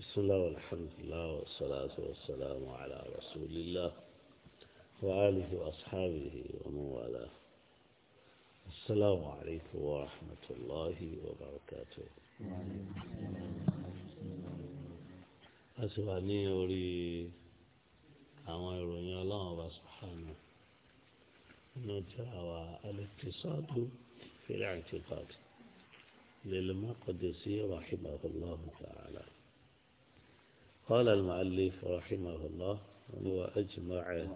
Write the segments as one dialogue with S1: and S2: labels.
S1: بسم الله والحمد لله والصلاة والسلام على رسول الله وآله وأصحابه ومن والاه السلام عليكم ورحمة الله وبركاته أسواني أولي أما يروني الله سبحانه نتعوى الاقتصاد في الاعتقاد للمقدسي رحمه الله تعالى قال المعلف رحمه الله هو أجمع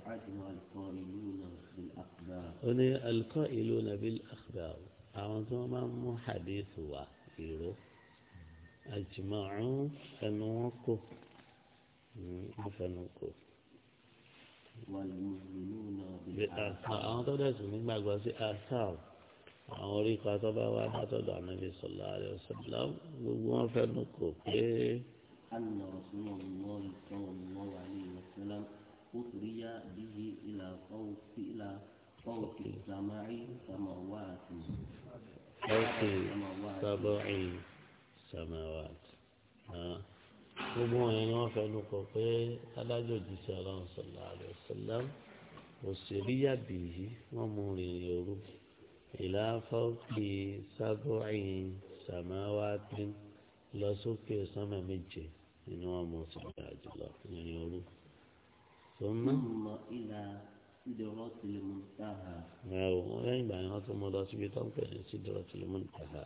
S1: هنا القائلون بالأخبار أعوذ ما مو حديث هو إيرو أجمعوا فنوكو فنوكو أعوذ ما قوزي آثار أعوذ ريقا طبعا النبي صلى الله عليه وسلم وفنوكو
S2: أن رسول الله صلى الله عليه وسلم أطري به إلى فوق إلى فوق سماع سماوات فوق سبع
S1: سماوات gbogbo wọn yẹn ni wọn fẹnu kọ pé alájọjì sí Ọlọ́run sọlá àlọ sọlám òṣèré yàbí yìí wọn mú rìnrìn òru ìlà fọkì sábọìn sàmáwá pín lọ sókè sánmà méje inú wọn mọ sọ̀rọ̀ àjùlọ ìrìn òru tó ń
S2: mọ. sídọ̀rọ̀ tìlùmù tàhà.
S1: ẹ ò wọn lẹ́yìn ìgbà yẹn wọ́n tún mọ lọ síbi tó ń pè ní sídọ̀rọ̀ tìlùmù tàhà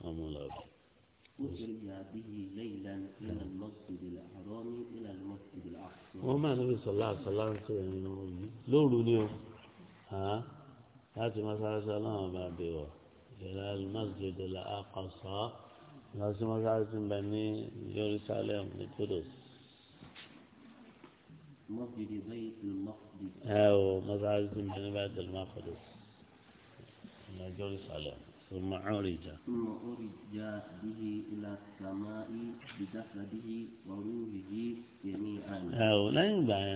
S1: wọn mú lọ bẹ̀. wọ́n máa níbi sọ̀lá sọ̀lá ń sọ ìrìn òru lóru ni o láti mọ́sálásí ọlọ́run bá bẹ̀ wọ̀ ìrìn àlùmọ́sí ìdọ̀lá àkọsọ́ lọ sí mọ́sáàsì mbẹ ní Jerusalem ní Kudus. ẹ o mọ́sáàsì mbẹ ní Baitul Maqdis ní Jerusalem ثم عرج
S2: ثم عرج به إلى السماء بجسده وروحه جميعا أو لا
S1: ينبغي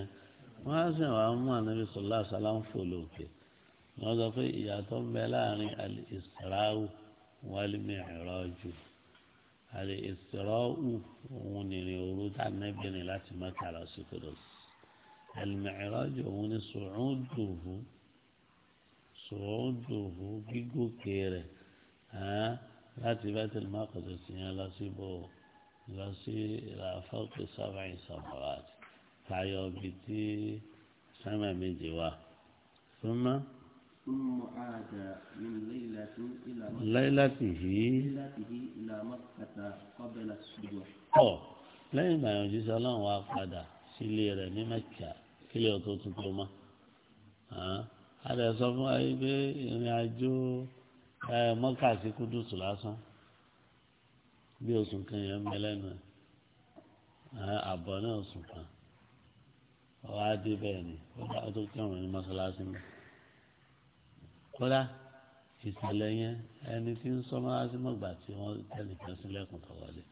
S1: ما سمع ما النبي صلى الله عليه وسلم فلوكه wọ́n sọ pé ìyàtọ̀ ń bẹ láàrin al-Isra wal-Mi'raj àlè ìsirọ́ọ̀hù òun nìrìn òru tá a nẹ́bìnrin láti Mẹ́kà lọ sí Kudus ẹlẹ́mìíràjò òun ni sòrúndùhù sòrúndùhù gígòkè rẹ̀ láti bẹ́tẹ̀ mọ́kàtà sí yẹn lọ sí bò lọ sí ìlàfọ́pẹ́ sábà ìsàmọ́ra tayọ bíi sẹ́mẹ̀ méjì wà
S2: ثم عاد من ليلة إلى مكة ليلته ليلته إلى مكة قبل الصبح
S1: ọ̀ lẹ́yìn ìgbà yẹn òjíṣẹ́ ọlọ́run wa padà sílé rẹ̀ ní mẹ́kà kílé ọ̀tọ̀ tuntun mọ́ a lè sọ fún ayé pé ìrìn àjò mọ́kà sí kúdùsù lásán bí oṣù kan yẹn mẹ́lẹ́nu àbọ̀ náà oṣù kan ọ̀ á dé ni ó tó kẹ́wọ̀n ní mọ́ṣáláṣí mi kódà ìṣẹ̀lẹ̀ yẹn ẹni tí ń sọmọ asímọ̀gbà tí wọ́n tẹ̀lé kan sílẹ̀kùn tó wọlé.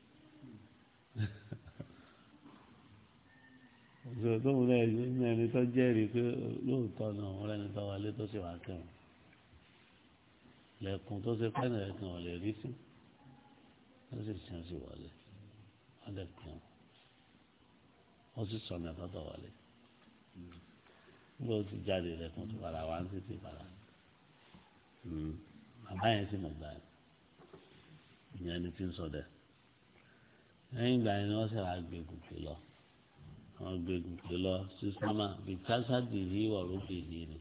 S1: ìṣòro tó wúlò ẹ̀jẹ̀ ní ẹni tó jẹ́rìí pé lóòótọ́ náà wọ́n rẹ́ni tó wọlé tó sì wá kẹ́wọ̀n. lẹ́kùn tó ṣe pẹ́ẹ́nì rẹ̀ kan ò lè rí sí tó sì sìn sí wọlé wọ́n lè kẹ́wọ̀n wọ́n sì sọ̀nà tó tọ̀ wọlé. nígbà tó ti jáde lẹ́kùn tó padà wá ń títí padà. Hmm. bàbá yẹn sì mọ̀ gbà ẹ̀ ìyẹn ni ti ń sọ dẹ̀ lẹ́yìn ìgbà yẹn ni wọ́n sì ra gbé gòkè lọ wọ́n gbé gòkè lọ sísámà bí kásádì yìí wọ̀ lókè yìí ni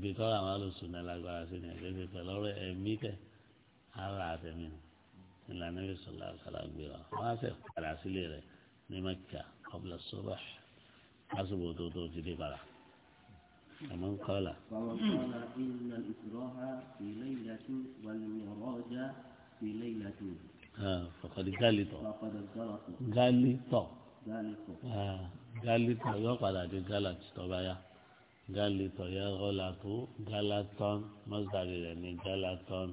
S1: bí tọ́lá àwọn alòsùn náà lágbára sí ni ẹ̀ẹ́dẹ́gbẹ́ pẹ̀lú ọ̀rọ̀ ẹ̀mí tẹ̀ ara àtẹ̀mí ìlànà ìṣọ̀lá àkàlàgbé wa wọ́n á sì padà sílé rẹ̀ ní mẹ́kà ọ̀bùlà sọ́bà lásìkò tó tó ti dé padà. فمن قال
S2: فمن قال إن الإسراء في ليلة والمعراج في ليلة
S1: آه فقد جلط
S2: فقد جلط
S1: جلط جلط yóò padà di galat tọba ya galit ọ̀yà gọ́làtú galaton mọ́sàlì rẹ̀ ní galaton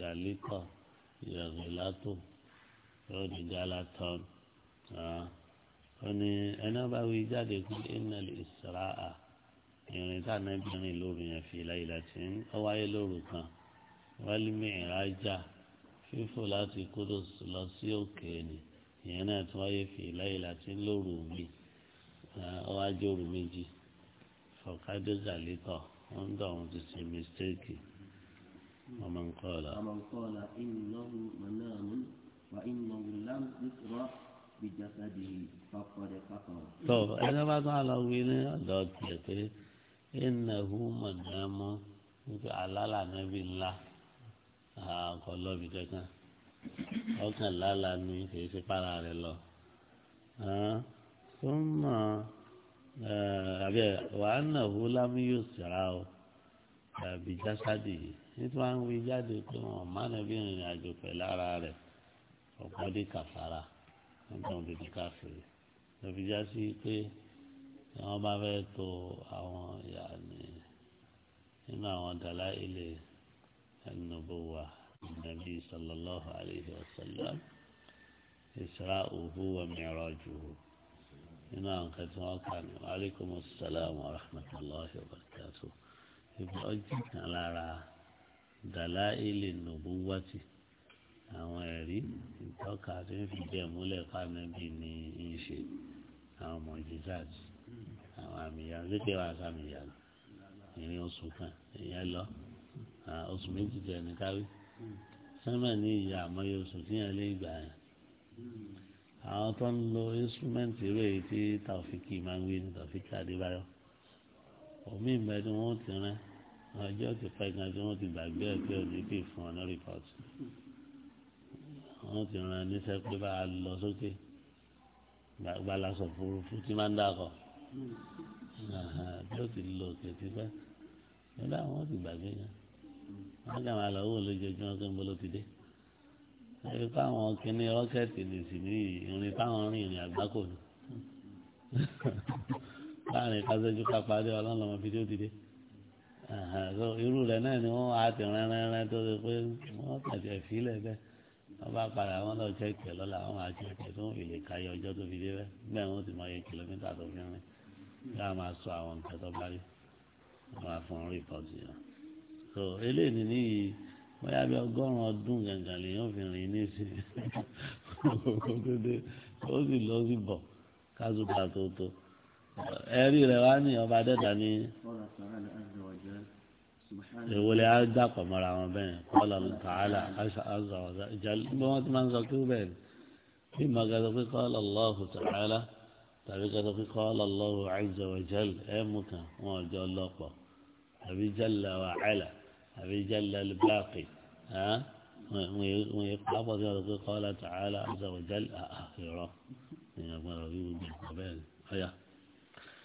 S1: galitọ̀ ìrẹ̀gọ́làtú yóò di galaton. ó ní ẹni bá wí jáde pé ẹnìyàn lè sara à ìrìn tá anábìrin lóru yẹn fi láyé láti ń wáyé lóru kan wálé mìíràjà fífò láti kúrò lọ sí òkè ni ìyẹn náà tí wáyé fi láyé láti ń lóru mi ọwájú òru méjì fọkádé zàlítọ wọn dọ àwọn ti ṣe mistéèkì ọmọ nǹkan ọ̀la. ọmọ
S2: nǹkan ọ̀la ìnáwó mọ̀nà àmú wà ìnáwó láǹkì rọ ìjàkadì fàkọ̀dẹ̀ fàkọ̀. tó ẹni
S1: bá tún àlọ́ wí ní ọ̀dọ́ tiẹ̀ pé innahu mọ̀nàmú níbi àlálà nàbí ńlá àkọlọ́bì kankan ọkàn lálà ni kìí ṣe para rẹ̀ lọ. tó ń mọ̀ àbí wàá nàhu lámúyò sàrà o tàbí jásádì yìí nítorí wọn wí jáde pé wọn má nàbí ìrìn àjò pẹ̀lú ara rẹ̀ ọ̀pọ̀ kàfàrà nígbà wọn dòdò káfíìrì lọ́bi já sí pé ni wọ́n bá fẹ́ to àwọn yàní nínú àwọn dàlá ilé ẹnubuwa nàbí sallallahu alayhi wa sallam isra'uhu wa mi'rajuhu nínú àwọn kan tí wọ́n kà ní aleykum salaam wa rahmatulahi wa barakatuh ibi ọjọ́ kan lára dàlá ilé nubuwati àwọn ẹ̀rí ìtọ́ka tí ń fi bẹ́ẹ̀ múlẹ̀ fáwọn ẹbí ní í ṣe àwọn mọ̀jísáàtì àwọn àmì ìyanu kékeré wa sàmì ìyanu ìrìn oṣù kan ìyẹn lọ oṣù méjì tẹ ní káwí sẹ́mẹ̀ ní ìyá àmọ́yé oṣù tí yẹn lé ìgbà yẹn àwọn tó ń lo instrument rẹ̀ tí tàfíkì máa ń gbé ní tàfíkì adébáyọ̀ omi ìgbà tí wọ́n ti rán ọjọ́ ti pẹ́ gan tí wọ́n ti gbàgbé ẹ̀ pé òní pè fún ọ ní wọ́n ti rán níṣẹ́ pé bá a lọ sókè gbàgbà lásọ̀ fúrufú tí máa ń dàkọ̀ bí ó ti lọ òkè ti fẹ́ nígbà wọn ti gbàgbé yẹn wọn kà máa lọ wò lójoojúmọ́ pé ń bolo ti dé ẹbí fáwọn kínní rọ́kẹ́tì lè sì ní ìrìn fáwọn rìn ìrìn àgbákò ni láàrin kásẹ́jú pápá dé ọlọ́lọ́mọ fi dé ó ti dé irú rẹ̀ náà ni wọ́n á ti rẹ́rẹ́rẹ́ tó ṣe pé wọ́n tàbí ẹ̀fílẹ̀ bẹ́ẹ̀ wọ́n bá padà wọ́n lọ jẹ́ ìpè lọ́la wọ́n máa tó ń fi káyọ ọjọ́ tó fi dé bẹ́ẹ̀ bẹ́ẹ̀ wọ́n ti mọ iye kìlómítà tó fi rìn yá máa sọ àwọn nǹkan tó bá rí wà fún rìpọ́tì yẹn so eléyìí nìyí bóyá bí ọgọ́rùn-ún ọdún gàngàn lèèyàn fi rìn nísìnyí ó sì lọ sí bọ̀ kásùpà tó tó ẹ̀rí rẹ̀ wá ní ọba dẹ́ta ní ìwọlé àdàpọ̀ mọ́ra wọn bẹ́ẹ̀ kọ́lá tààlà azza wa jalla bí wọ́n ti máa ń sọ kí ó bẹ́ẹ̀ bí màgàdà pé kọ́lá Allahu ta'ala. طريقة قال الله عز وجل أمك إيه ما جاء الله قا أبي جل وعلا أبي جل الباقي ها ويقابض يقول قال تعالى عز وجل آخرة يا مرضي من قبل هيا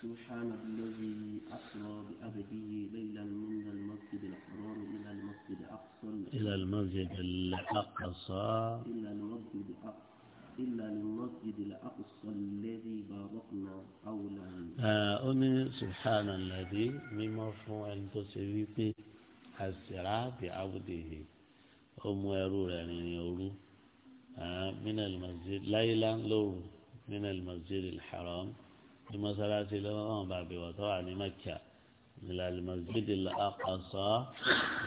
S2: سبحان الذي أصلى بأبدي ليلا من المسجد الحرام إلى المسجد الأقصى إلى المسجد
S1: الأقصى
S2: إلى المسجد الأقصى إلا للمسجد الأقصى الذي باركنا حوله.
S1: أمي سبحان الذي بمرفوع تسويقه السراء بعبده أم ويرور يعني يورو من المسجد ليلا لورو من المسجد الحرام لمسألة لهم بابي وطوع لمكة إلى المسجد الأقصى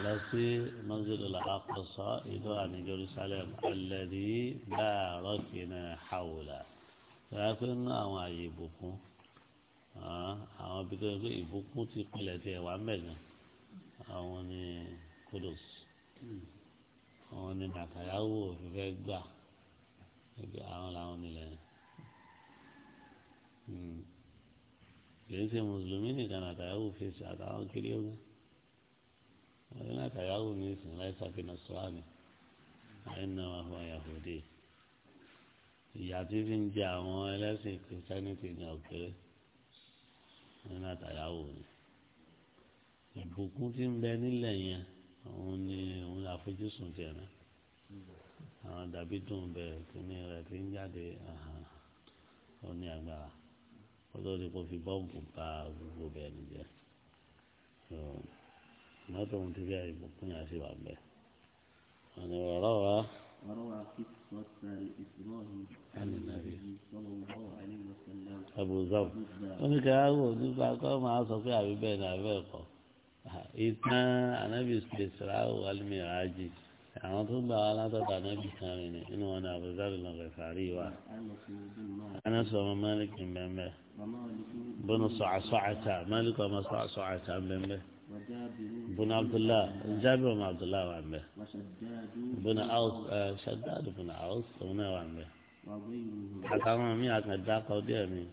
S1: لسي مسجد الأقصى إذا أن جرسالم الذي باركنا حوله لكن أما يبقون àwọn ibi tó yẹ pé ìbùkún ti pilẹ̀ tiẹ̀ wà mẹ́gàn àwọn ni kudos àwọn ni nàkàyàwó òfìfẹ́ gbà àwọn làwọn nílẹ̀ yẹn. Hmm kìí ṣe mùsùlùmí nìkan àtàyàwó fèsì àtàwọn kiri ogun ọdún àtàyàwó mi sìn láì sàfihàn sọ́ọ̀nì àìnà àwọn yahudi ìyá tí fi ń jẹ àwọn ẹlẹ́sìn kìrìsìtánìtì ní òkèrè ọdún àtàyàwó mi ìbùkún tí ń bẹ nílẹ̀ yẹn òun ni òun là fojúsùn tiẹ̀ náà àwọn dàbí dùn bẹ̀rẹ̀ kìíní rẹ̀ ti ń jáde òun ní agbára ọjọ́ ni kò fi bọ́ǹbù ba gbogbo bẹ́ẹ̀ ni jẹ́ mọ́tò ohun ti bí àyùbọ̀ fún yàrá sí wà bẹ́ẹ̀ wọn ni ọ̀rọ̀ wa. Abu Zar wọn ni kí aago nípa kọ́ máa sọ pé àbí bẹ́ẹ̀ ni àbẹ́ ẹ̀kọ́ ah, ìtàn anábìsí ìsirà wàlúmi ràájì àwọn tó gbà wá látọ̀dà níbi kan rìn ní inú wọn ni àbúzárì lọ́gọ̀ ìfàrí wa anásù ọmọ málìkì bẹ́ẹ̀ bọ́nù sọ̀àsọ̀àtà málìkì ọmọ sọ̀àsọ̀àtà bẹ́ẹ̀ bọ́nù abdullah jábìrì ọmọ abdullah wà bẹ́ẹ̀ bọ́nù áwùs ṣàdáàdì bọ́nù áwùs ọmọ náà wà bẹ́ẹ̀ àtàwọn míì àtàdákọ̀ díẹ̀ míì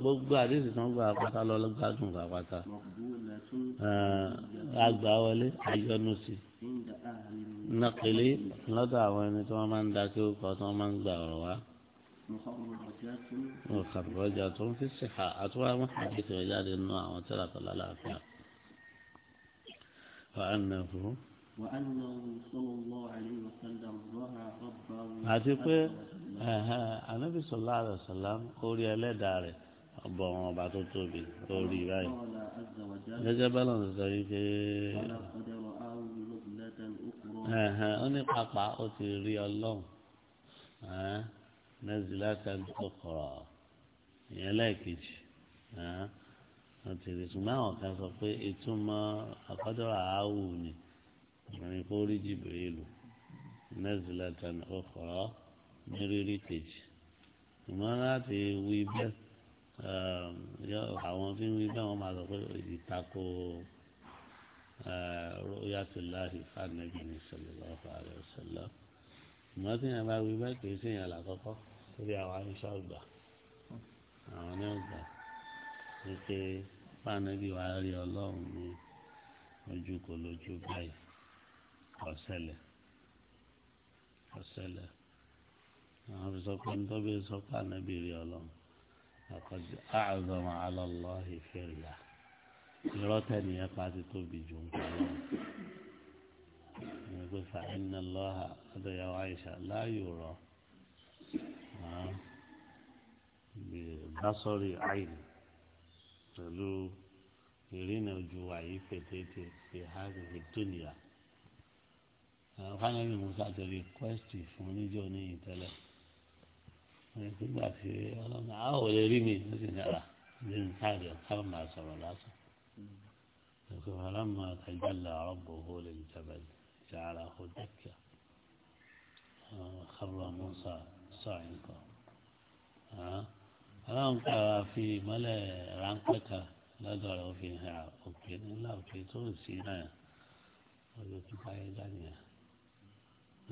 S1: gbogbo àdéhùn tí wọn gba àpáta lọ gbádùn àpáta àgbà wọlé àyọnu sí nàkèlé lọ́dọ̀ àwọn ẹni tí wọn máa ń da kí ó kọ tí wọn máa ń gbà ọ̀rọ̀ wá. mọ̀kànlọ́jà tó ń fi ṣèkà àtúwà wọn àdéhùn ìjáde nù àwọn tẹ́lẹ̀ tó lálàáfíà àti pé anabi sọlá àlọ sàlám orí ẹlẹ́dàá rẹ̀ ọbọ wọn ọba tó tóbi orí báyìí gẹ́gẹ́ bẹlẹ ọ̀sẹ̀ sọ yìí pé ó ní pápá ó ti rí ọlọ́run nẹ́sìlá kan tó kọ̀rọ̀ ìyẹn lẹ́ẹ̀kejì ó ti rí ṣùgbọ́n àwọn kan sọ pé ìtumọ̀ àkọ́jọ́ àáwù ni. يعني قول جبريل نزلة أخرى مريري كيج ما ناتي ويبه àwọn tí ń wí bẹ́ẹ̀ wọ́n máa sọ pé ìtako uh, rúyàtúláhì fànẹ́bí ní sallallahu alaihi wasallam ìmọ̀ tí yẹn bá wí bẹ́ẹ̀ kì í sí yẹn làkọ́kọ́ torí àwọn aṣọ ọgbà àwọn ní ọgbà ní ọ̀sẹ̀lẹ̀ ọ̀sẹ̀lẹ̀ àwọn fi sọ pé nítorí bí sọ pé ànábì rí ọlọ́run àkọsí àzọmọ alọ́lọ́ ìfẹ́rìyà irọ́ tẹ̀lé yẹn pa ti tóbi jù ń pa lọ́wọ́ ìwé pé fàáyínà lọ́hà ọdọ̀yàwó àyíṣà láàyò rọ̀ básọ́rì àyìn pẹ̀lú ìrìnà ojú àyífẹ́ tètè fi hàn ìdúnìyà. fáwọn ẹni musa ti rìkwẹ́sì fún níjọ ní ìtẹ́lẹ̀ nígbà tí ọlọ́run a ò lè rí mi ó sì yàrá ní nǹkan káwọn máa sọ̀rọ̀ lásán ẹ̀kọ́ ọlọ́run àtàjálà ọ̀bọ̀ ó lè jẹ̀bẹ̀ jàrá ó dẹ́kẹ̀ ọ̀rọ̀ musa sọ̀rọ̀ nǹkan ọlọ́run kàrà fi ìmọ́lẹ̀ ráńpẹ́ kan lọ́dọ̀ rẹ̀ ó fi hàn òkè ńlá òkè tó ń sí náà ọjọ́ tó báyé dánìyàn.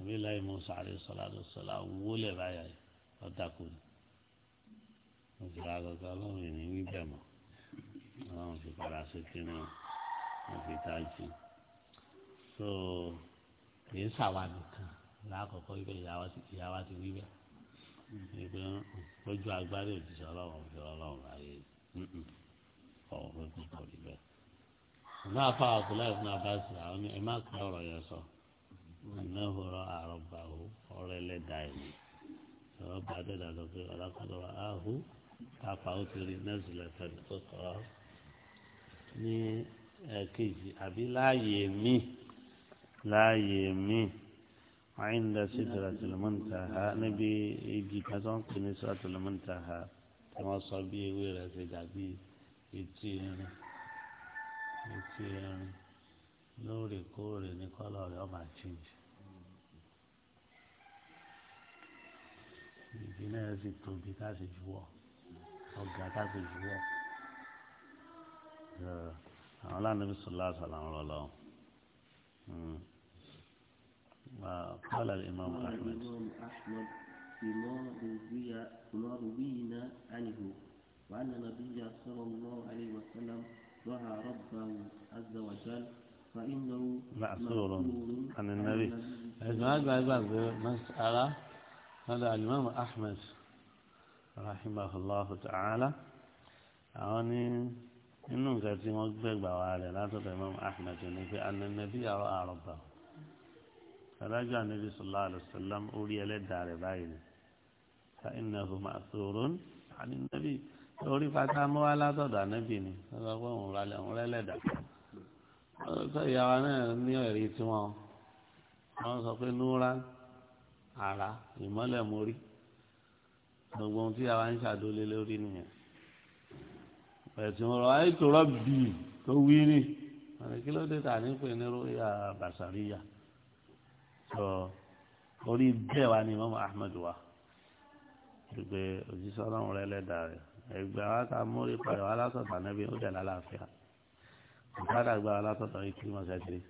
S1: nàbí láì Mùsá àlẹ́ sọlá àlẹ́ sọlá wọlé báyà ọ̀tá kù ní. mo fi ra àgọ́gọ́ ọlọ́run ìní wí bẹ̀ mọ́ ọlọ́run fi padà sí kíní o mo fi tájì. so kìí sàwa nìkan lákòókò ibẹ̀ ìyàwó ti wí bẹ́ẹ̀ ìgbẹ́ lójú agbára òjijì ọlọ́run fi ọlọ́run láyé ọ̀rọ̀ pé kò rí bẹ́ẹ̀.
S2: ọ̀nà àfa àbúlá
S1: ìfúnná bá àwọn ẹ̀ má pẹ́ ọ̀rọ̀ yẹn sọ anáhùrọ̀ àrọ̀bàhù ọ̀rọ̀ ẹlẹ́dàá ẹ̀mí ọ̀rọ̀ bá dẹ́dà lọ pé ọ̀làkọ̀dọ̀ àhù pàápàá ó ti rí nẹ́sìlẹ̀ tẹ̀lé tó kọ́ra ní ẹ̀kejì àbí láàyè mí láàyè mí àyíǹda sí tìrátìlmọ́ntà ha níbi igi kan tó ń pè ní tìrátìlmọ́ntà ha tí wọ́n sọ bí ewé rẹ̀ ṣe dàbí etí ẹran etí ẹran lóòrèkóòrè ní kọ́lọ̀ rẹ̀ ọmọ àjíǹde. ìdí náà sì tóbi ká sì juwọ́ ọ̀gá ká sì juwọ́. àwọn aláǹdá mi sọ̀rọ̀ láti sọ̀rọ̀ àwọn ọ̀rọ̀ lọ́wọ́. قال الإمام
S2: فيما روي عنه وأن النبي صلى الله عليه وسلم دعا ربه عز وجل màṣúrò ànínàbì ẹ̀sùn àgbà
S1: gbàgbé mas'ala lọ́dọ̀ alimami ahmed rahimahullahu ta'ala àwọn ní inú nǹkan tí wọ́n gbẹ̀gbà wa rẹ̀ látọ̀dọ̀ imam ahmed ní pé ànínàbì àrọ̀ àrọ̀bà adájọ́ ànínàbì sallallahu alaihi wasallam orí ẹlẹ́dàá rẹ̀ báyìí ni fa'innahu màṣúrò ànínàbì orí fatamọ́wá látọ̀dọ̀ ànínàbì ni lọ́dọ̀ pé òun rẹ̀ lẹ́dàá ìyàwó náà ní ẹ̀rí tí wọ́n wọ́n sọ pé núra àrà ìmọ́lẹ̀ mórí gbogbo ohun tí yàrá ń ṣàdólé lórí nìyẹn ẹ̀sìn ọ̀rọ̀ àìtò rọ́bì tó wí ní ọ̀rẹ́ kí ló dé tà ní pè ní róyà bàṣàríyà sọ orí bẹ́ẹ̀ wá ní mọ́mọ́ Ahmed wa gbogbo òjísọ́ ọlọ́run rẹ lẹ́dàá rẹ ẹgbẹ́ wa ta mórí pàrọ̀ alásọ̀tà nẹ́bí ó dẹ̀ lálàáfíà. قال أخبار لا تطعي كلمة ساتري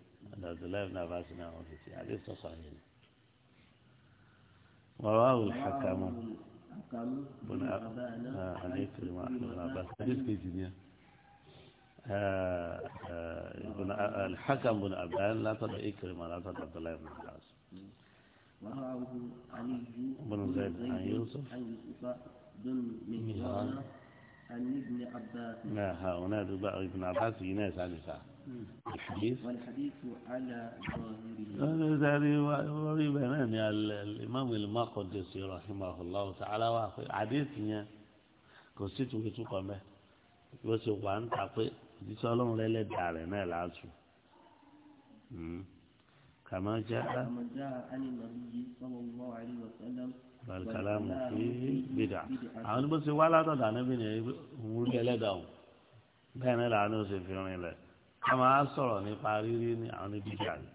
S1: عبد الله بن عباس بن عمر كلمة
S2: أحمد آه، بن عباس حديث
S1: آه، آه، بن أبان لا تطع إكرمة لا تطع عبد الله بن
S2: علي بن زيد عن يوسف بن مهران عن ابن عباس
S1: لا هنا ابن عباس يناس على ساعة
S2: الحديث والحديث على
S1: ظاهره غريبا يعني الإمام المقدسي رحمه الله تعالى واقف حديثنا كنت ويتوقع به bó ṣe wà ń ta pé òjíṣẹ́ ọlọ́run lẹ́lẹ́dàá rẹ̀ náà láàtú. kàmá jẹ́ ká.
S2: kàmá jẹ́ عليه وسلم الكلام فيه بدعة àwọn bó ṣe
S1: wá látọ̀dọ̀ ànábì ni òun rí ẹlẹ́dàá o bẹ́ẹ̀ ni làánú ṣe fi rin lẹ̀ a máa sọ̀rọ̀ nípa rírí ní àwọn níbi ìjà ni.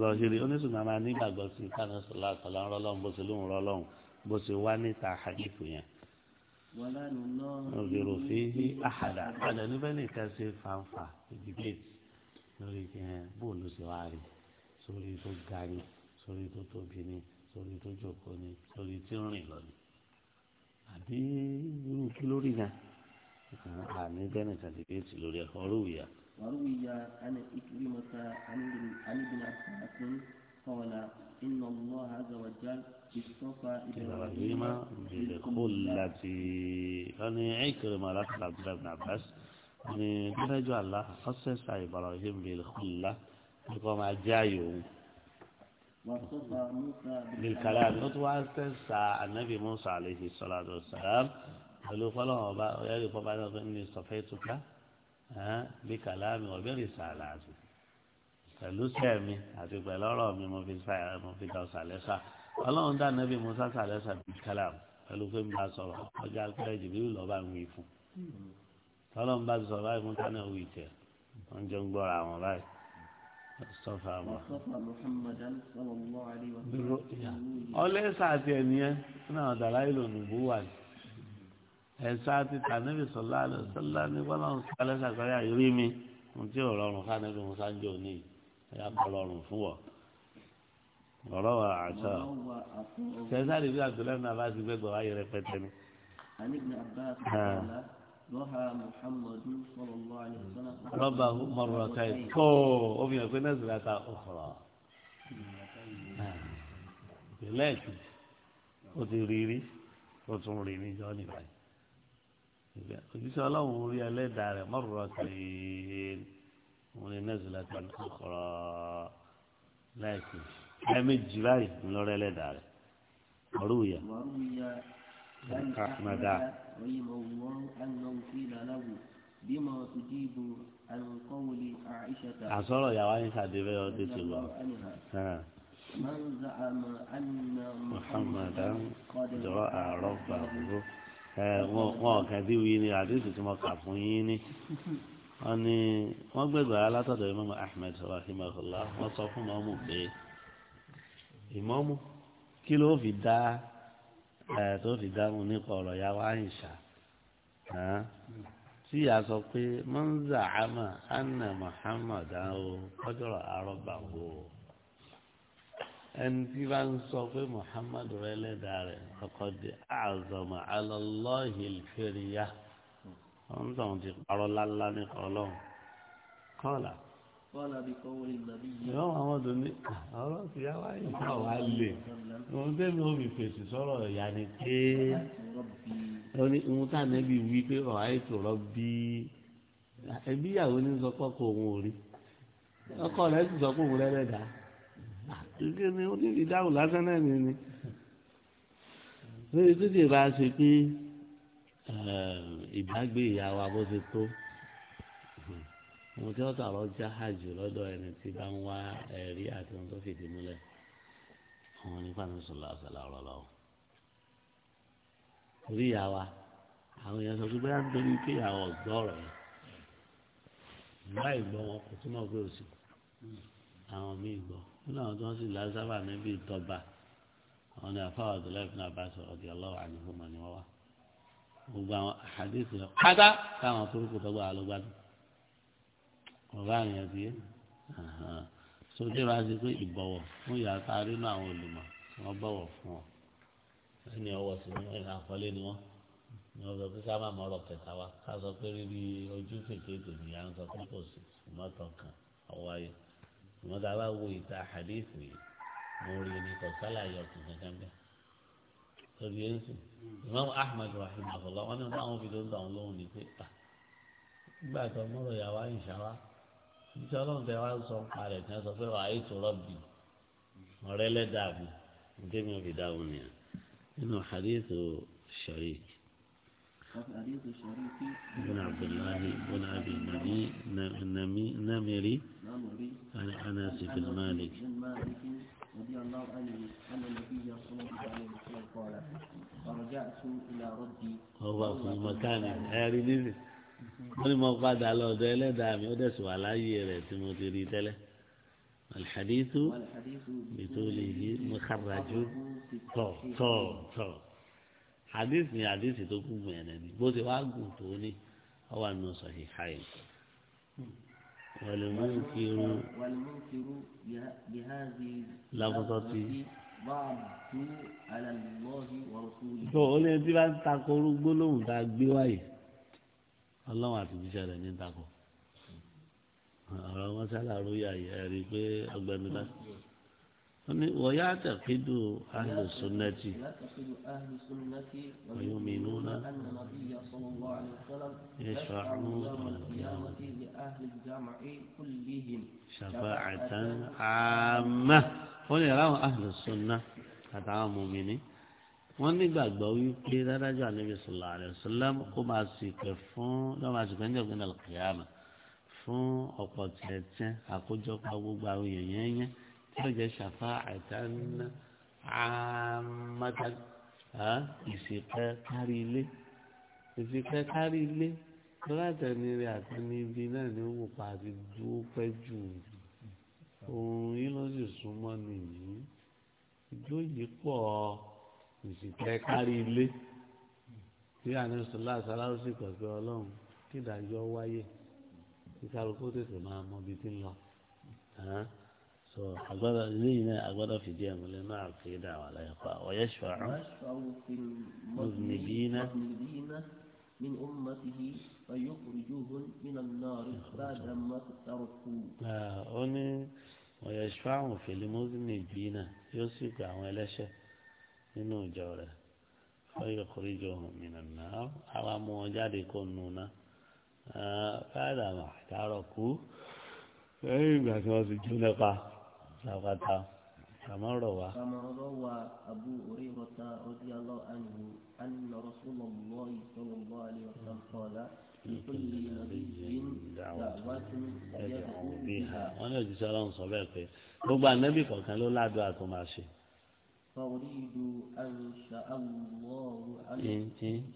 S2: zọ̀ṣìrì oníṣùnà máa nígbàgbọ́ sí
S1: kánú sọ̀lá àtọ̀lá ń rọ́lọ́hún bó ṣe lóun rọ́lọ́hún bó ṣe wá níta àyífò yẹn.
S2: òbírò fi hí àhàdà
S1: àdànífẹ́ nìkan ṣe fanfa ìdíbẹ̀tì lórí bóòlù ṣe wá rí i sórí tó ga ni sórí tó tóbi ni sórí tó jókòó ni sórí tí ń rìn lọ ni àbí irú kí lórí ga àní gánà kàdébéètì lórí ẹ ọrùn ìyá.
S2: ọrùn ìyá ẹni ìkírí mọ́ta anígbìnà àti kọ́ọ̀lá iná mọ́ àgàwàjá ìsọ́fà ìdàgbà ìgbìmọ̀ ìdẹ̀kọ́
S1: láti ẹni ìkírí mọ́ alákàlà abdullahi bin abbas ẹni dájọ́ àlá ọ̀sẹ̀ sàìbàrà ìhìn bẹ̀rẹ̀ kùlá nǹkan máa jẹ́ ààyè òun.
S2: bìkàlà ló tún
S1: wá tẹ̀sà ànábì musa aleyhi salatu salam pẹ̀lú fọlọ́wọ́n ọba ọ̀yẹ́rì pọ́pá náà fún mi sọ̀fẹ́ tuka bìkàlà mi ọ̀bẹ̀rì sàlà àti pẹ̀lú sẹ́ẹ̀mi àti pẹ̀lú ọ̀rọ̀ mi mo fi ta sàlẹ́sà ọlọ́run dá ànábì musa sàlẹ́sà bìkàlà pẹ̀lú fún mi bá sọ̀rọ̀ ọjà pẹ́rẹ́ jìbìrì lọ́ba ń wí fún tọ́lọ́run bá sọ̀rọ̀ báyìí sọfà mọ dúró ìyá ọlẹ́sà àti ẹ̀nìyẹn fún àwọn dàrá ìlò nìbú wà ní ẹ̀sà àti tànẹ́bì sọlá àlọ́ sọlá ní bọ́lá ń sọ ọlẹ́sà kọ́lé àyírí mi mo tí ò rọrùn ká níbi mo sáájú òní ẹ̀yà kọ́ lọ́rùn fún wọ. ọ̀rọ̀ wa àṣà ṣẹ̀ṣà lè fi àgbélẹ̀
S2: ضحى محمد صلى الله عليه وسلم ربه مرتين اوه
S1: امي في نزلة اخرى لكن وتريري وتمريني جاني بعد òjíṣẹ́ ọlọ́run orí ẹlẹ́dàá rẹ̀ mọ́rọ̀ tẹ̀yìn òun ni nẹ́sìlẹ̀ tó ń kọ́kọ́rọ́ láìpẹ́ ẹ̀ẹ́mẹ́jì báyìí ńlọrọ̀ ẹlẹ́dàá rẹ̀ ọ̀rọ̀ òyà. أحمد رحمه الله
S2: أن نغفر له بما تجيب عن قول عائشة عصر يا
S1: عائشة دبي وديت الله
S2: من زعم أن محمدا قد رأى ربه wọn
S1: kàn bí wí ni àdéhùn tí wọn kà fún yín ni wọn ni wọn gbẹgbẹ alátọdọ imaamu ahmed rahimahullah wọn sọ fún mọmú pé ìmọmú kí ló fi dá tó fi dáhùn nípa ọ̀rọ̀ ya wá ń tí a sọ pé mọ́nzà àmà anna muhammad ahó kọjọ́rọ̀ arọ́bà wò ó ẹni tí bá ń sọ pé muhammad rẹ rẹ̀ ọkọ̀ di àzọ̀mọ̀ alọ́lọ́hì fèrèyà wọ́n ń tàn ti parọ́ lálá ni ọlọ́run
S2: قال بقول النبي
S1: يوم عمد ọ̀rọ̀ tí a wá ìgbà wá ni pé ó ní ohun tá nẹ́bí wí pé ọ̀há ètò ọ̀rọ̀ bí ẹbí ìyàwó ní sọ pé ọkọ òun ò rí ọkọ rẹ̀ sì sọ pé òun lẹ́lẹ́dà àtúnkẹ́ ni ó ní ìdáhùn lásán náà ni ni lórí tó dé bá a ṣe pé ìbágbé ìyá wa tó mo tí wọ́n tààrọ̀ já hajj lọ́dọ̀ ẹni tí bá ń wá ẹ̀rí àti ohun tó fìdí múlẹ̀ àwọn nípa ní sọ̀rọ̀ àṣàlà ọ̀rọ̀ lọ́wọ́. orí ìyá wa àwọn èèyàn sọ pé bóyá ń torí pé ìyàwó ọ̀gbọ́ ọ̀rọ̀ yẹn ìgbà ìgbọ́ wọn kò túmọ̀ pé òsì àwọn míì gbọ́ nínú àwọn tí wọ́n sì lásábà níbi ìtọ́ba àwọn ní àfáwà tó lẹ́ẹ̀kún náà bá sọ̀rọ̀ di ọlọ́wà ní fún gbogbo àwọn àdéhùn pátá táwọn tó rúkú tọ́gbà ló ọ̀rá yẹn bí sókè bá ti pé ìbọ̀wọ̀ fún ìyàtọ̀ arínú àwọn olùmọ̀ wọ́n bọ̀wọ̀ fún ọ ẹni ọwọ́ sí ni ẹni àkọlé ni wọ́n ni wọ́n sọ pé sábà mọ́ ọ̀rọ̀ kẹta wa ká sọ pé rírí ojú kékeré tòun ìyá ń sọ pé kò sí ìmọ̀tàn kan ọwọ́ ayé ìmọ̀tàn bá wo ìta àdéhùn yìí mo rí ni kò sálàyé ọ̀tún kankan bẹ́ẹ̀ torí ẹ̀ ń sìn Imam Ahmad rahimahullah wọn ni wọn bá wọn fi lóńtà wọn lóhùn ní pé ah, gbàtọ́ mọ́rọ̀ yàrá ان شاء الله wá ń sọ pa rẹ̀ tí wọ́n sọ pé wàá ètò rọ́bì ọ̀rẹ́ lẹ́dàá mi níta mi ò fi dáhùn nìyẹn حديث شريك
S2: بن عبد الله
S1: بن أبي النمي نمري عن أنس بن مالك
S2: رضي الله عنه أن النبي صلى الله عليه وسلم قال فرجعت إلى ربي هو في مكان عارض
S1: wọ́n ní mo padà lọ ọ̀dọ̀ ẹlẹ́dàá mi ó dẹ̀ sì wà láyé rẹ̀ tí mo ti rí tẹ́lẹ̀ alihadisu bitolihi mukarraju tọ tọ tọ hadith ni hadith tó kú mu ẹ̀nà ni bó ti wá gùn tó ní ọwọ́ àmì ọ̀sán yìí háyì wàlúmùkìrú
S2: lakutọ́tì tó o
S1: lè bá ń takoru gbólóhùn tá a gbé wáyé ọlọ́run àtijọ́ rẹ̀ ní takò ọ̀rọ̀ wọn sálàrú yà yẹ ẹ rí i pé ọgbẹ́nudá wọ́n ní wọ́n yá àtàkídù ahlu sunnati
S2: ọ̀yọ́ mìínú náà yẹsọ̀ àwọn ṣàfà àtàn àmà
S1: wọ́n yàrá àwọn ahlu sunna àtàwọn mùmìnì wọ́n nígbàgbọ́ wípé dádájọ́ ànábi sọ̀lá àlẹ́sọ̀lám kó máa sì pẹ́ fún lọ́wọ́ máa sì pẹ́ ní ọ̀gbìn àlùkìyàmà fún ọ̀pọ̀ tẹ̀tẹ̀ àkójọpọ̀ gbogbo àwọn èèyàn yẹn tí ó jẹ́ ṣàfà àìtánná àmàtà ìsìnkẹ́ kárí ilé ìsìnkẹ́ kárí ilé látẹ̀ni rẹ̀ àtẹni ibi náà ni wò pa àti dúró pẹ́ jù òun yìí ló sì súnmọ́ nìyí ìjó yìí pọ̀ ọ́ ìsìnkẹ́ kárí ilé tí àníṣọlá sáláwó sì kọ̀ pé ọlọ́run kí ìdájọ́ wáyé kí kálukú tètè máa mọ ibi tí ń lọ so agbada lẹ́yìn náà agbada fìdí ẹ̀ múlẹ̀ náà fi dà láyé pa ọ̀yẹ́ ṣùgbọ́n
S2: mọ̀sùlùmí náà. من أمته فيخرجوهم من النار بعدما تركوا
S1: آه أني في المذنبين يوسف عن الأشياء nínú ìjọ rẹ̀ fọyọ kọríjọ mìíràn náà àwa mú wọn jáde kó nu ná káàdà mà dárọ kú lẹ́yìn ìgbà tí wọn sì jó nípa làkàtà àmọrọ wa.
S2: àmọrọ wa abu orí rọta ọdí alọ àyìnbó àyìnbó rọsúlọ mọ ìsọlọ mọ àlè ọsàn kọlá ìpínlẹ nàbíyìn dàwátún ẹjẹ òkú bíhà. wọn ní
S1: òjíṣẹ́ Ọlọ́run sọ bẹ́ẹ̀ pé gbogbo ànábì kọ̀ọ̀kan ló ládùn àtúnmáṣe.
S2: فأريد أن شاء الله أن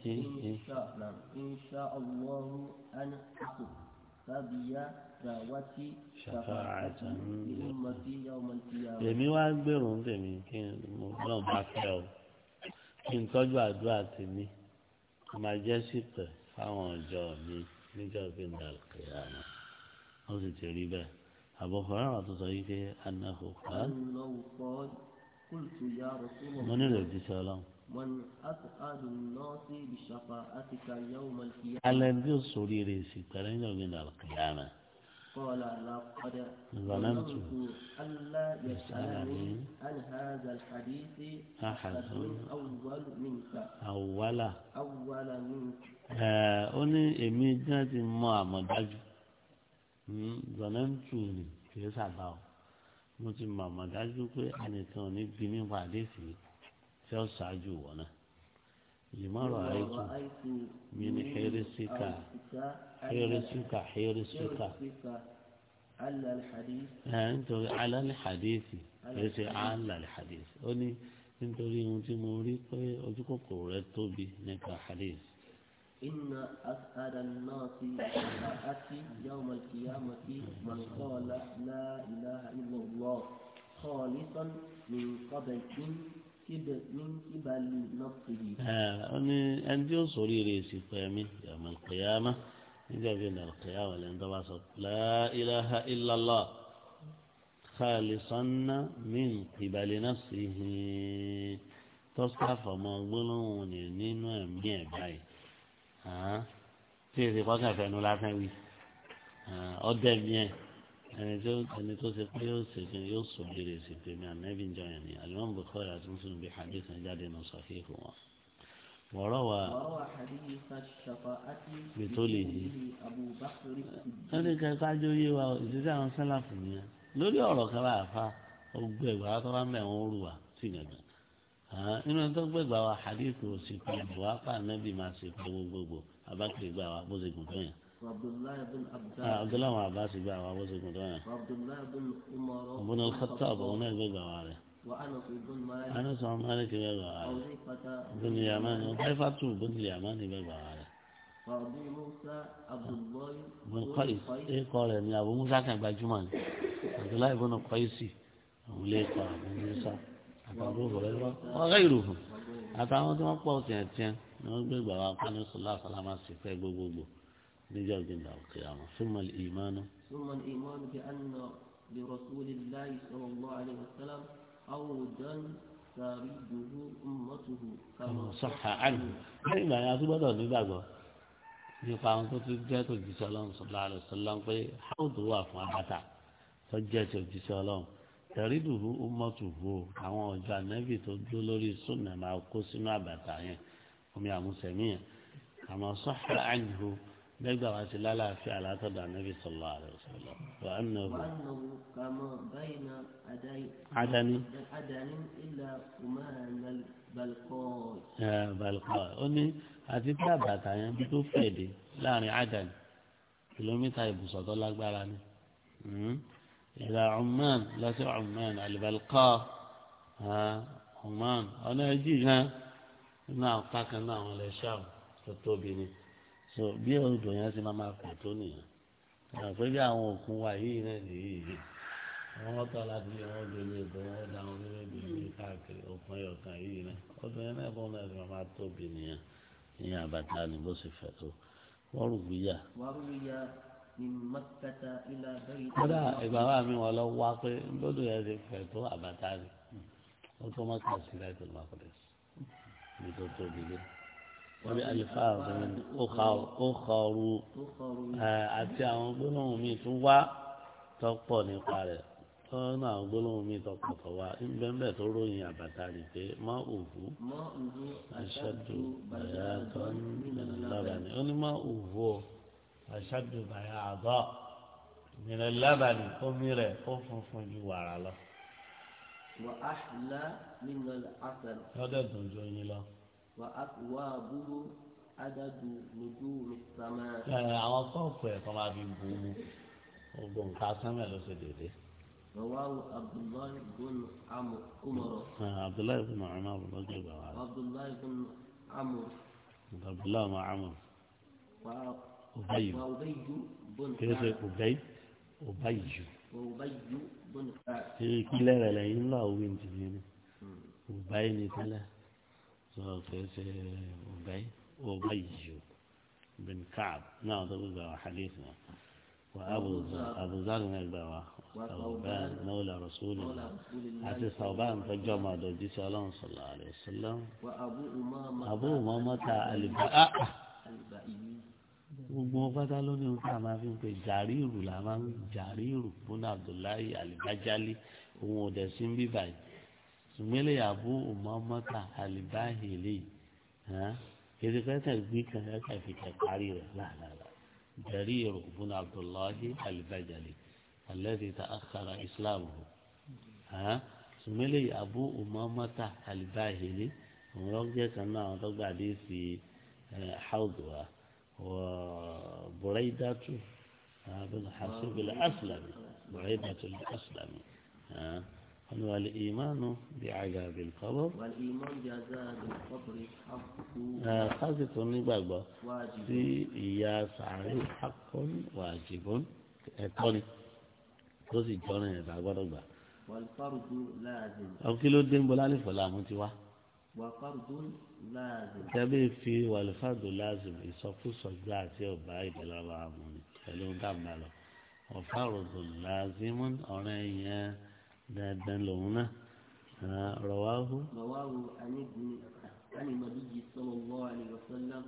S2: إن شاء نعم إن شاء الله أن أقف فبيا دعوتي شفاعة لأمتي يوم القيامة.
S1: èmi wá gbèrò ń tèmi kí n mo náà bá fẹ́ o kí n tọ́jú àdúrà tèmi kó máa jẹ́ sípẹ̀ fáwọn ọjọ́ mi níjọ́ gbẹ̀ngà kìláàmù ó sì ti rí bẹ́ẹ̀ àbọ̀kọ̀ rárá tó sọ yí pé anáhùn kan.
S2: قلت يا رسول الله من الذي سلام من أسعد الناس بشفاعتك يوم القيامة على ذي
S1: الصرير سيكرين من القيامة
S2: قال لقد ظننت ألا يسألني عن هذا الحديث أحد أول منك
S1: أولا
S2: أولا منك
S1: ó ní èmi náà ti mọ àmọ̀dájú ظننت ni kì í sábà o mo ti mọ̀ mọ̀ dájú pé ẹnìkan ò ní bí nípa àdéhùn tí ó ṣáájú wọn náà ìmọ̀ràn
S2: àìkú mi ní hẹ́rẹ́síkà hẹ́rẹ́síkà hẹ́rẹ́síkà ẹ̀
S1: nítorí alálìhàdéhì kìí ṣe alálìhàdéhì ó ní nítorí ohun tí mo rí pé ojú kòkòrò rẹ tóbi nípa hadith.
S2: إن أسأل الناس أتي يوم القيامة من قال لا إله إلا الله خالصا من قبل من قبل نفسه
S1: عندي صوري ريسي فهمي يوم القيامة إن القيامة لأن لا إله إلا الله خالصا من قبل نفسه تصحف مغلون نينو أمي أبعي tí èsì kọ́kàn fẹnu lásán wí ọdẹ miẹ ẹni tó ẹni tó ṣe pé yóò ṣe kí yóò sọ léèrè sí pé mi ànábì ń jọyàn ni alimami bukhari àti muslim bí hadith ń jáde nù sọ fíìkù wọn. وروى
S2: بطوله ẹni
S1: kẹta jó yé wa ìṣiṣẹ́ àwọn sẹ́láfù nìyẹn lórí ọ̀rọ̀ kan láàfa ọgbẹ́ ìgbà tó wá mẹ́wọ́n rú wa sí gàgàn nínú ẹni tó gbé gbà wá hadith òsìkò ìbùwá pa nẹ́bí máa ṣe pé gbogbogbò abákiri gbà wá bó ṣe gùn tó yẹn.
S2: abdullahi bin abbas
S1: gbà wá bó ṣe gùn tó yẹn.
S2: ibn al-khattab òun náà
S1: gbé gbà wá rẹ̀.
S2: anas bin malik gbé gbà wá rẹ̀. ibn yaman taifatu
S1: ibn yaman gbé gbà wá
S2: rẹ̀. ibn qais
S1: ẹ kọ rẹ ni abu kan gbajúmọ̀ ni abdullahi bin qaisi òun lè kọ abu àtàwọn ọ̀rẹ́lọ́ ọ̀rẹ́ ìrùhùn àtàwọn tí wọ́n pọ̀ tiẹ̀tiẹ̀ ni wọ́n gbé gbàgbà pálí sọlá sálámà sí fẹ́ gbogbogbò níjọ́ gbìndà òkè àwọn súnmọ́lì ìmánu.
S2: súnmọ́lì ìmánu bí anna bí rasulillahi sallallahu alayhi wa sallam awùdán sàrídùú ummatuhu
S1: kàmá. sọ̀hà àlù lẹ́yìn ìgbà yẹn a tún gbọ́dọ̀ nígbàgbọ́ nípa àwọn tó ti jẹ́ tó jíṣẹ́ ọlọ́run sọ̀lá àlùsọ̀lá pé háùdù wà fún abata tó jẹ́ tó jíṣẹ́ ọlọ́run tẹ̀rídùhù ọmọtùhù àwọn ọ̀jọ̀ ànábì tó dúró lórí súnà máa kó sínú àbàtà yẹn omi àmúsẹ̀mí yẹn àmọ́ sọ́fà ànihù lẹ́gbàá wa ti lálàáfíà látọ̀dọ̀ ànábì sọ̀lọ́ àrẹ sọ̀lọ́ wà á nà ọ̀hún. adani.
S2: adani ilà ọmọọ̀nà
S1: balkọ́. ó ní àti bí àbàtà yẹn bí tó fẹ̀ dé láàrin adani kìlómítà ibùsọ̀ tó lágbára ni. Hmm? ìlà Oman lọ sí Oman àlùbáríkà Oman ọ̀nà ẹjì gan nínú apá kan náà àwọn ilẹ̀ ṣáà tó tóbi ni so bí odò yẹn ti máa máa pọ̀ tó nìyẹn àpé bí àwọn òkun wa yìí náà nìyí wọn tọ́ láti lé wọn gbélé ìbò wọn dá wọn lórí ìbò káàkiri òkun ẹ̀yọ̀kan yìí náà ọdún yẹn náà bọ́n náà máa tóbi nìyẹn ìyẹn àbàtà ni bó ṣe fẹ̀ tó wọ́n rògbìyà.
S2: wọ́n rògbìyà kódà ìbáwá
S1: mi wọn lọ wá pé lódò yẹn ti fẹ̀ tó àbátá ni ó tó mọ́tò sílẹ̀ tó máa kọ́lẹ̀ sí ní tó tóbi lé wọ́n bí àlùfáà ọ̀gbìn ó kọrú àti àwọn gbólóhùn míì tún wá tọ́pọ̀ nípa rẹ̀ tọ́nà àwọn gbólóhùn míì tọ́pọ̀ tó wá ńbẹ́ńbẹ́ tó ròyìn àbátá ni pé mọ́ òwú aṣáájú bàyà tó ń bẹ̀rẹ̀ lábàá ni ó ní mọ́ òwú o aṣáájú bàyà àbọ̀ ìrìn lábàánì omi rẹ̀ ó funfun ju wàrà lọ.
S2: wà á là nínú àtàlù.
S1: lọ́dẹ̀ tó ń jó yín lọ.
S2: wà á wá àbúrò ádájú lójú olùsàmà.
S1: àwọn kọ́ọ̀pù ẹ̀ kọ́ máa fi bù ú mu gbogbo nǹkan sánmẹ̀ ló ṣe déédéé.
S2: رواه عبد الله بن عمرو عمر
S1: عبد الله بن عمر رضي الله عنه
S2: عبد الله بن عمرو
S1: عبد الله بن عمرو
S2: أبي كيف أبي أبي كلا
S1: لا إلا وين تجيني أبي نتلا كيف أبي أبي بن كعب نعم هذا حديثنا وأبو زر أبو زر نقبوا ثوبان مولى رسول الله عتي ثوبان تجمع دوجي سلام صلى الله عليه وسلم
S2: وأبو أمامة أبو أمامة الباء
S1: gbogbo wọn pátá ló ní nǹkan àmà fi ń pè jàríìrù là máa ń jàríìrù bùnà abdullahi alibajali òun ò dẹ̀ sí ń bí báyìí sùgbẹ́lẹ̀ àbú umamata alibahili kéde kẹta gbé kan kẹta fi kẹ parí rẹ láàlá jàríìrù bùnà abdullahi alibajali alẹ́sì ta akara islamu sùgbẹ́lẹ̀ àbú umamata alibahili òun lọ́jọ́ kan náà àwọn tó gbàdé sí eh, haudu wa. وبريدة بن حسوب الأسلمي بريدة الأسلمي والإيمان بعذاب القبر
S2: والإيمان بعذاب القبر حق
S1: خاصة نبغى في يا سعري حق واجب ẹ̀tọ́ni tó sì jọrin ẹ̀dá gbọ́dọ̀ gbà.
S2: wọ́n
S1: kí ló dé ń bọ́lá lè tẹ́bí fi wàlúfàdù lázìm ìsọkúsọ gbá àti ọ̀bá ìdẹ́lọ́wọ́ àmọ́ ni pẹ̀lú dàmbà lọ ọ̀fàrùdù lázìm ọ̀rẹ́ yẹn dandan lòun náà rọwáhu.
S2: rọwáhu anigun alimadiji sọlọ aligbasọlá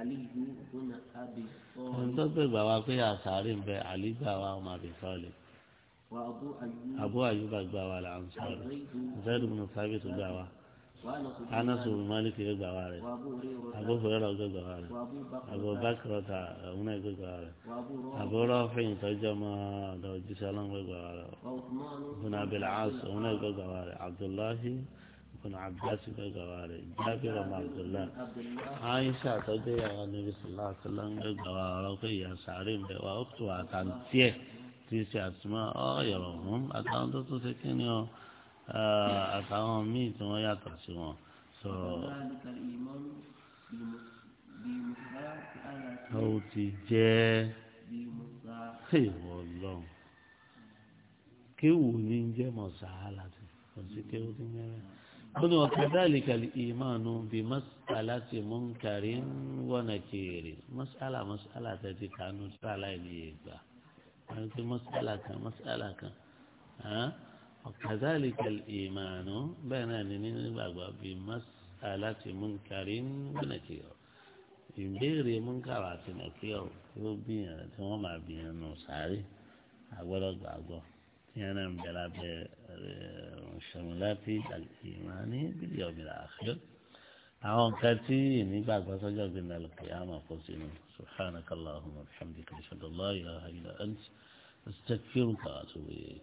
S2: aligun fúnà abi
S1: sọọlì. ẹni tó gbẹgbà wa pé àṣàrí ń bẹ àlígbà wa ọmọ àbí sọọlì. àbú àyùbá gbà wà là ń sọ̀rọ̀ zẹ́dùmùnú gbà wà. أنس بن مالك يقبع عليه أبو هريرة يقبع عليه أبو بكر هنا يقبع عليه أبو رافع تجمع دوج سلام يقبع عليه هنا بالعاص هنا يقبع عليه عبد الله بن عباس يقبع عليه جابر بن عبد الله عائشة تجمع النبي صلى الله عليه وسلم يقبع عليه يا سارين وأختها تنتيه تيسي أسماء آه يرهم أتانتو تسكينيو Ah, àtàwọn míì tí wọ́n yàtọ̀ sí wọn. ó ti jẹ́ ìwọ lọ́hùn kéwù ní jẹ́ mọ̀sáálà tí kò sí kéwù tí mẹ́rẹ̀. Bọ́lá وكذلك الإيمان بمسألة منكر ونكير مسألة مسألة تتي كانوا سألة إليه مسألة كان مسألة كان وكذلك الإيمان بينان من الأبواب بمسألة منكر ونكير ìbéèrè múnkàrà àti nàkíyà yóò bíyàn tí wọn máa bíyàn nù sáré àgbọdọgbàgbọ tí wọn náà ń bẹ lábẹ ṣẹmúláti àlìmáàní bíi ọmọdé àfẹ àwọn nǹkan tí ìnígbàgbọ́ sọ́jọ́ gbẹ̀ndàlùkì àmọ̀ fọ́sínú subhanakallahumma wa bihamdika ashhadu an la ilaha illa anta. السكر كاتب